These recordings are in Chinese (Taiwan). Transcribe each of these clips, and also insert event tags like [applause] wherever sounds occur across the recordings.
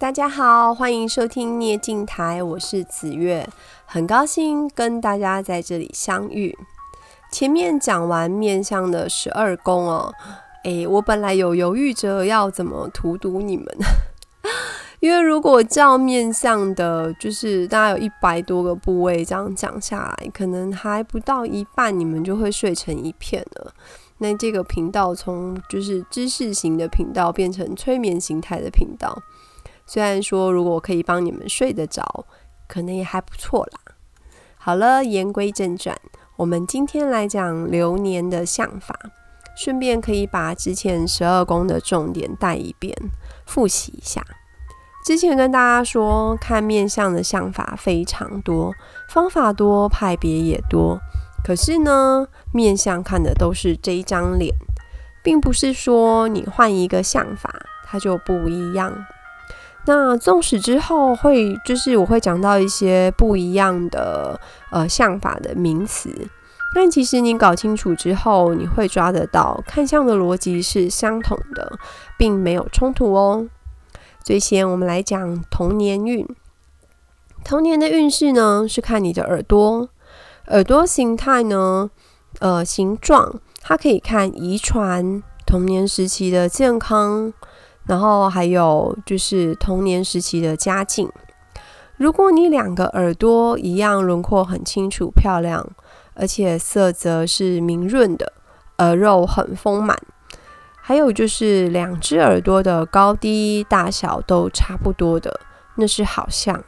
大家好，歡迎收聽捏鏡台，我是紫玥，很高興跟大家在這裡相遇。前面講完面相的十二宮哦，誒、欸，我本來有猶豫着要怎麼荼毒你們， [laughs] 因為如果照面相的，就是大概有一百多個部位這樣講下來，可能還不到一半，你們就會睡成一片了。那這個頻道從就是知識型的頻道，變成催眠形態的頻道。雖然說，如果我可以幫你們睡得着，可能也還不錯啦。好了，言歸正傳，我們今天來講流年的相法，順便可以把之前十二宮的重點帶一遍，複習一下。之前跟大家說，看面相的相法非常多，方法多，派別也多。可是呢，面相看的都是這張臉，並不是說你換一個相法，它就不一樣。那縱使之後會，就是我會講到一些不一樣的呃相法的名詞，但其實你搞清楚之後，你會抓得到看相的邏輯是相同的，並沒有衝突哦。最先我們來講童年運，童年的運勢呢是看你的耳朵，耳朵形態呢，呃形狀，它可以看遺傳童年時期的健康。然後還有就是童年時期的家境。如果你兩個耳朵一樣輪廓很清楚、漂亮，而且色澤是明潤的，耳肉很豐滿，還有就是兩隻耳朵的高低大小都差不多的，那是好相。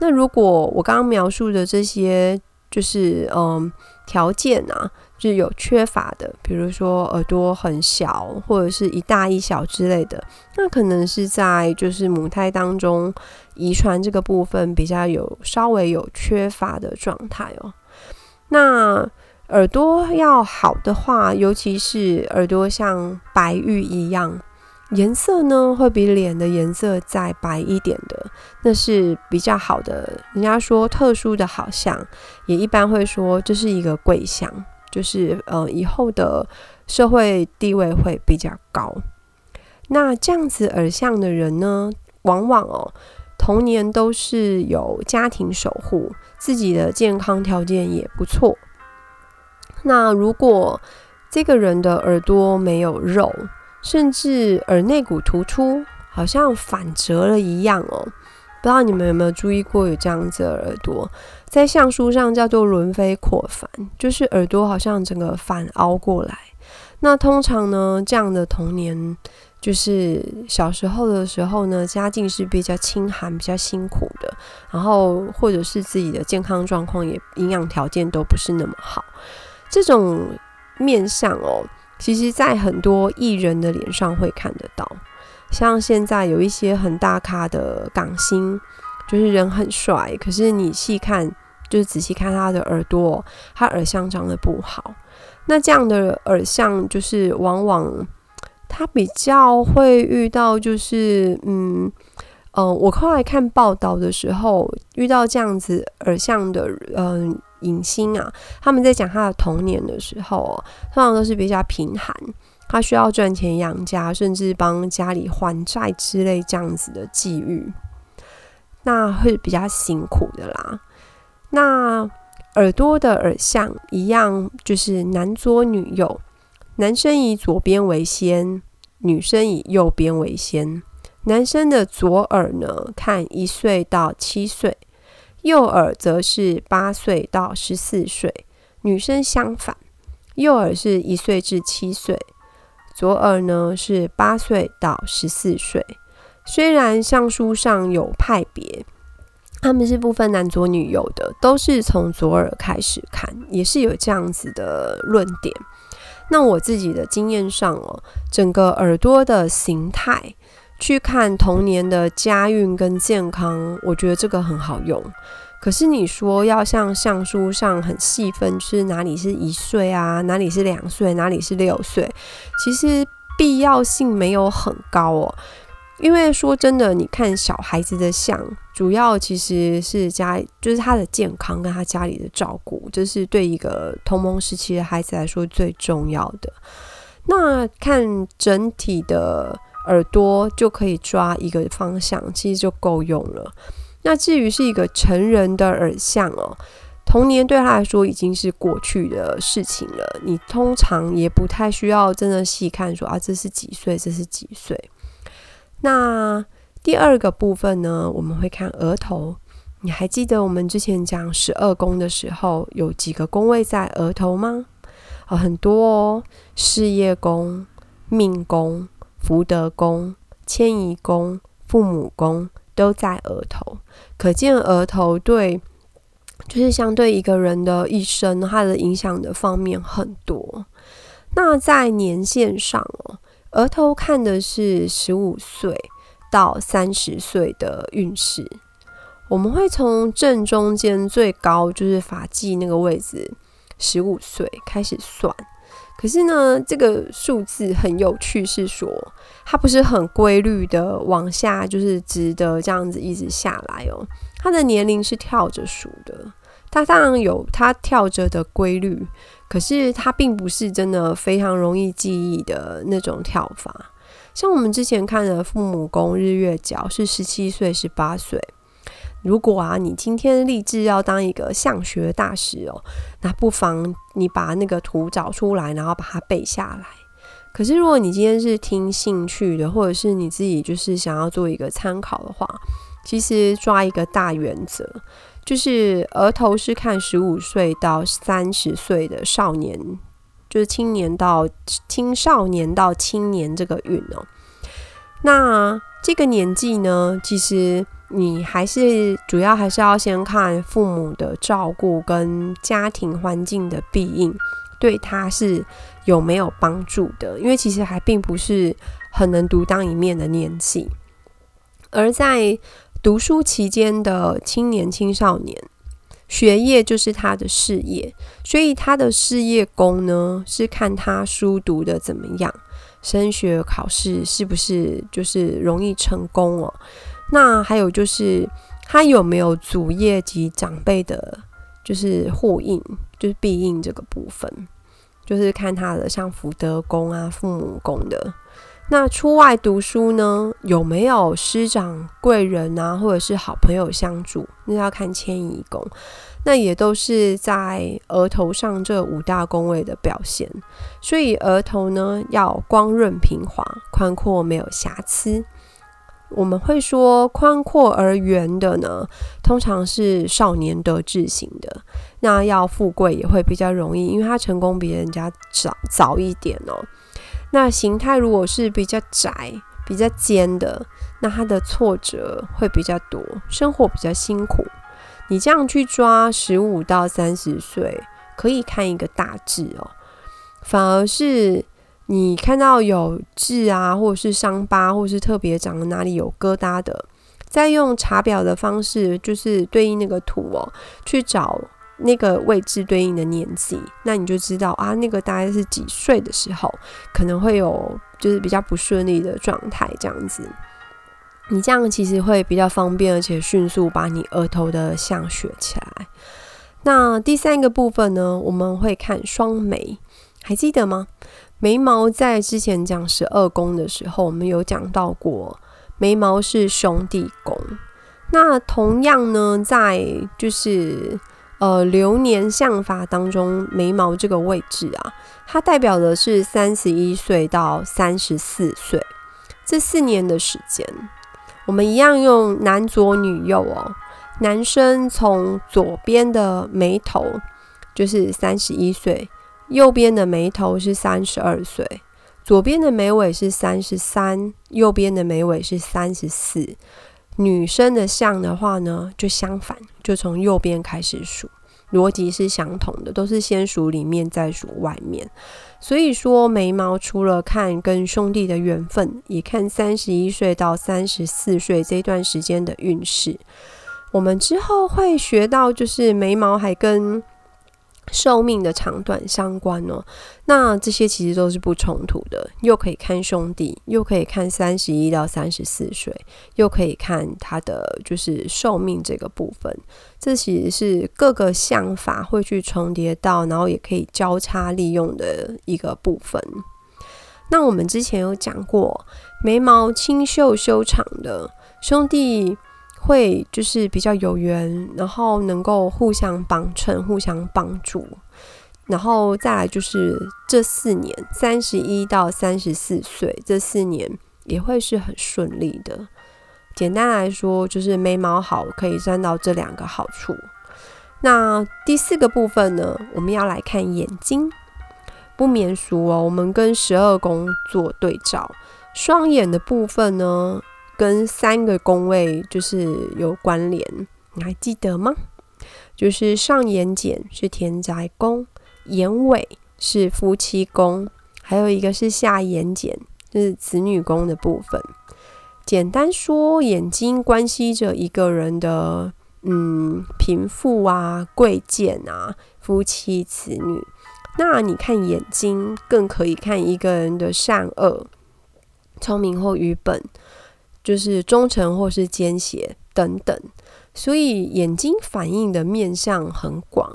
那如果我剛剛描述的這些。就是嗯，條件啊，就是有缺乏的，比如說耳朵很小，或者是一大一小之類的，那可能是在就是母胎當中遺傳這個部分比較有稍微有缺乏的狀態哦。那耳朵要好的話，尤其是耳朵像白玉一樣。顏色呢，會比臉的顏色再白一點的，那是比較好的。人家說特殊的，好像也一般會說這是一個貴相，就是呃以後的社會地位會比較高。那這樣子耳相的人呢，往往哦童年都是有家庭守護，自己的健康條件也不錯。那如果這個人的耳朵沒有肉，甚至耳內骨突出，好像反折了一樣哦。不知道你們有沒有注意過有這樣子的耳朵，在相書上叫做“輪飛廓反”，就是耳朵好像整個反凹過來。那通常呢，這樣的童年就是小時候的時候呢，家境是比較清寒，比較辛苦的，然後或者是自己的健康狀況也營養條件都不是那麼好，這種面相哦。其實，在很多藝人的臉上會看得到，像現在有一些很大咖的港星，就是人很帥，可是你細看，就是仔細看他的耳朵，他耳相長得不好。那這樣的耳相，就是往往他比較會遇到，就是嗯嗯，呃、我後來看報道的時候，遇到這樣子耳相的，嗯、呃。影星啊，他們在講他的童年的時候，通常都是比較貧寒，他需要賺錢養家，甚至幫家裡還債之類這樣子的際遇，那會比較辛苦的啦。那耳朵的耳相一樣，就是男左女右，男生以左邊為先，女生以右邊為先。男生的左耳呢，看一歲到七歲。右耳則是八歲到十四歲，女生相反，右耳是一歲至七歲，左耳呢是八歲到十四歲。雖然相書上有派別，他們是不分男左女右的，都是從左耳開始看，也是有這樣子的論點。那我自己的經驗上哦，整個耳朵的形態，去看童年的家運跟健康，我覺得這個很好用。可是你說要像相書上很細分，就是哪裡是一歲啊？哪裡是兩歲？哪裡是六歲？其實必要性沒有很高哦、喔。因為說真的，你看小孩子的相，主要其實是家，就是他的健康跟他家裡的照顧，這、就是對一個童蒙時期的孩子來說最重要的。那看整體的。耳朵就可以抓一個方向，其實就夠用了。那至於是一個成人的耳相哦，童年對他來說已經是過去的事情了。你通常也不太需要真的細看說，說啊，這是幾歲，這是幾歲。那第二個部分呢，我們會看額頭。你還記得我們之前講十二宮的時候，有幾個宮位在額頭嗎？哦、啊，很多哦，事業宮、命宮。福德宮、遷移宮、父母宮都在額頭，可見額頭對就是相對一個人的一生，它的影響的方面很多。那在年限上哦，額頭看的是十五歲到三十歲的運勢，我們會從正中間最高就是髮際那個位置，十五歲開始算。可是呢，這個數字很有趣，是說它不是很規律的往下，就是直的這樣子一直下來哦。它的年齡是跳着數的，它當然有它跳着的規律，可是它並不是真的非常容易記憶的那種跳法。像我們之前看的父母宮日月角是十七歲、十八歲。如果啊，你今天立志要當一個相學大師哦，那不妨你把那個圖找出來，然後把它背下來。可是，如果你今天是聽興趣的，或者是你自己就是想要做一個參考的話，其實抓一個大原則，就是額頭是看十五歲到三十歲的少年，就是青年到青少年到青年這個運哦。那這個年紀呢，其實。你還是主要還是要先看父母的照顧跟家庭環境的庇蔭對他是有沒有幫助的，因為其實還並不是很能獨當一面的年紀。而在讀書期間的青年青少年，學業就是他的事業，所以他的事業宮呢，是看他書讀得怎麼樣，升學考試是不是就是容易成功哦、啊。那還有就是，他有沒有祖業及長輩的就印，就是護蔭，就是庇蔭這個部分，就是看他的像福德宮啊、父母宮的。那出外讀書呢，有沒有師長貴人啊，或者是好朋友相助？那要看遷移宮。那也都是在額頭上這五大宮位的表現，所以額頭呢要光潤平滑、寬闊，沒有瑕疵。我們會說寬闊而圓的呢，通常是少年得志型的，那要富貴也會比較容易，因為他成功比人家早早一點哦。那形態如果是比較窄，比較尖的，那他的挫折會比較多，生活比較辛苦。你這樣去抓十五到三十歲，可以看一個大致哦，反而是。你看到有痣啊，或者是傷疤，或者是特別長的哪裡有疙瘩的，再用查表的方式，就是對應那個圖哦、喔，去找那個位置對應的年紀，那你就知道啊，那個大概是幾歲的時候可能會有，就是比較不順利的狀態這樣子。你這樣其實會比較方便，而且迅速把你額頭的相學起來。那第三個部分呢，我們會看雙眉，還記得嗎？眉毛在之前講十二宮的時候，我們有講到過，眉毛是兄弟宮。那同樣呢，在就是呃流年相法當中，眉毛這個位置啊，它代表的是三十一歲到三十四歲，這四年的時間。我們一樣用男左女右哦，男生從左邊的眉頭就是三十一歲。右邊的眉頭是三十二歲，左邊的眉尾是三十三，右邊的眉尾是三十四。女生的相的話呢，就相反，就從右邊開始數，邏輯是相同的，都是先數裡面再數外面。所以說，眉毛除了看跟兄弟的緣分，也看三十一歲到三十四歲這段時間的運勢。我們之後會學到，就是眉毛還跟。壽命的長短相關哦，那這些其實都是不衝突的，又可以看兄弟，又可以看三十一到三十四歲，又可以看他的就是壽命這個部分，這其實是各個相法會去重疊到，然後也可以交叉利用的一個部分。那我們之前有講過，眉毛清秀修長的兄弟。會就是比較有緣，然後能夠互相幫襯、互相幫助，然後再來就是這四年（三十一到三十四歲）這四年也會是很順利的。簡單來說，就是眉毛好可以佔到這兩個好處。那第四個部分呢，我們要來看眼睛。不免俗哦，我們跟十二宮做對照，雙眼的部分呢。跟三個宮位就是有關聯，你還記得嗎？就是上眼瞼是田宅宮，眼尾是夫妻宮，還有一個是下眼瞼，就是子女宮的部分。簡單說，眼睛關係着一個人的嗯貧富啊、貴賤啊、夫妻子女。那你看眼睛，更可以看一個人的善惡、聰明或愚笨。就是忠誠或是奸邪等等，所以眼睛反應的面相很廣。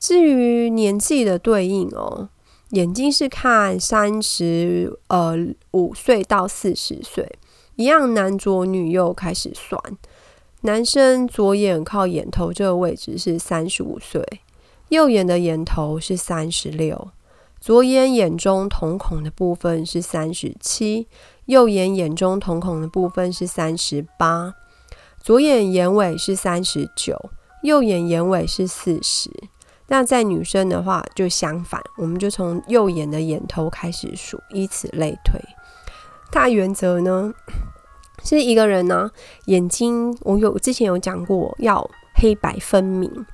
至於年紀的對應哦，眼睛是看三十、呃、五歲到四十歲，一樣男左女右開始算。男生左眼靠眼頭這個位置是三十五歲，右眼的眼頭是三十六，左眼眼中瞳孔的部分是三十七。右眼眼中瞳孔的部分是三十八，左眼眼尾是三十九，右眼眼尾是四十。那在女生的話就相反，我們就從右眼的眼頭開始數，以此類推。大原則呢是一個人呢、啊、眼睛，我有之前有講過，要黑白分明，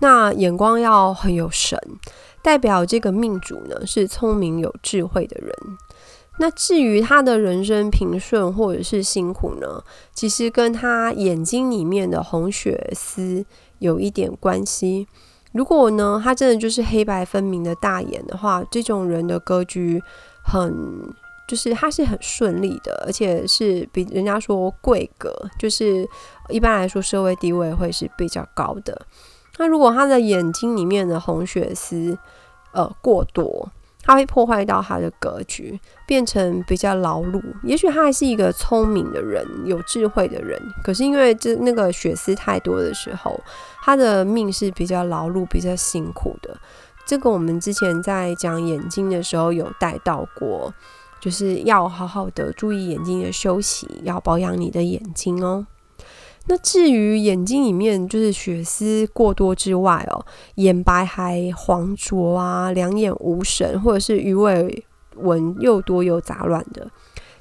那眼光要很有神，代表這個命主呢是聰明有智慧的人。那至於他的人生平順或者是辛苦呢，其實跟他眼睛裡面的紅血絲有一點關係。如果呢，他真的就是黑白分明的大眼的話，這種人的格局很，就是他是很順利的，而且是比人家說貴格，就是一般來說社會地位會是比較高的。那如果他的眼睛裡面的紅血絲，呃，過多，他會破壞到他的格局，變成比較勞碌。也許他還是一個聰明的人，有智慧的人。可是因為這那個血絲太多的時候，他的命是比較勞碌、比較辛苦的。這個我們之前在講眼睛的時候有帶到過，就是要好好的注意眼睛的休息，要保養你的眼睛哦。那至於眼睛裡面就是血絲過多之外哦，眼白還黃濁啊，兩眼無神，或者是魚尾紋又多又雜亂的，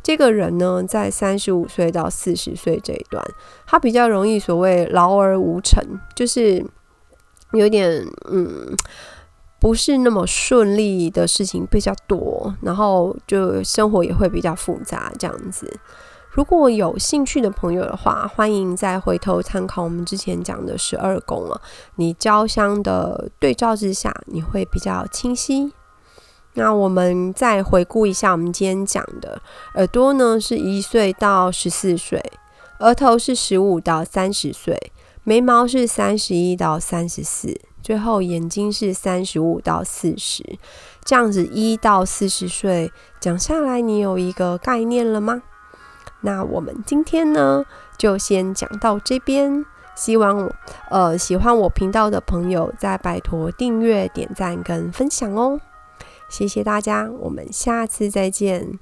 這個人呢，在三十五歲到四十歲這一段，他比較容易所謂勞而無成，就是有點嗯，不是那麼順利的事情比較多，然後就生活也會比較複雜這樣子。如果有興趣的朋友的話，歡迎再回頭參考我們之前講的十二宮哦，你交相的對照之下，你會比較清晰。那我們再回顧一下我們今天講的：耳朵呢是一歲到十四歲，額頭是十五到三十歲，眉毛是三十一到三十四，最後眼睛是三十五到四十。這樣子一到四十歲講下來，你有一個概念了嗎？那我們今天呢，就先講到這邊。希望，呃，喜歡我頻道的朋友，再拜托訂閱、點讚跟分享哦。謝謝大家，我們下次再見。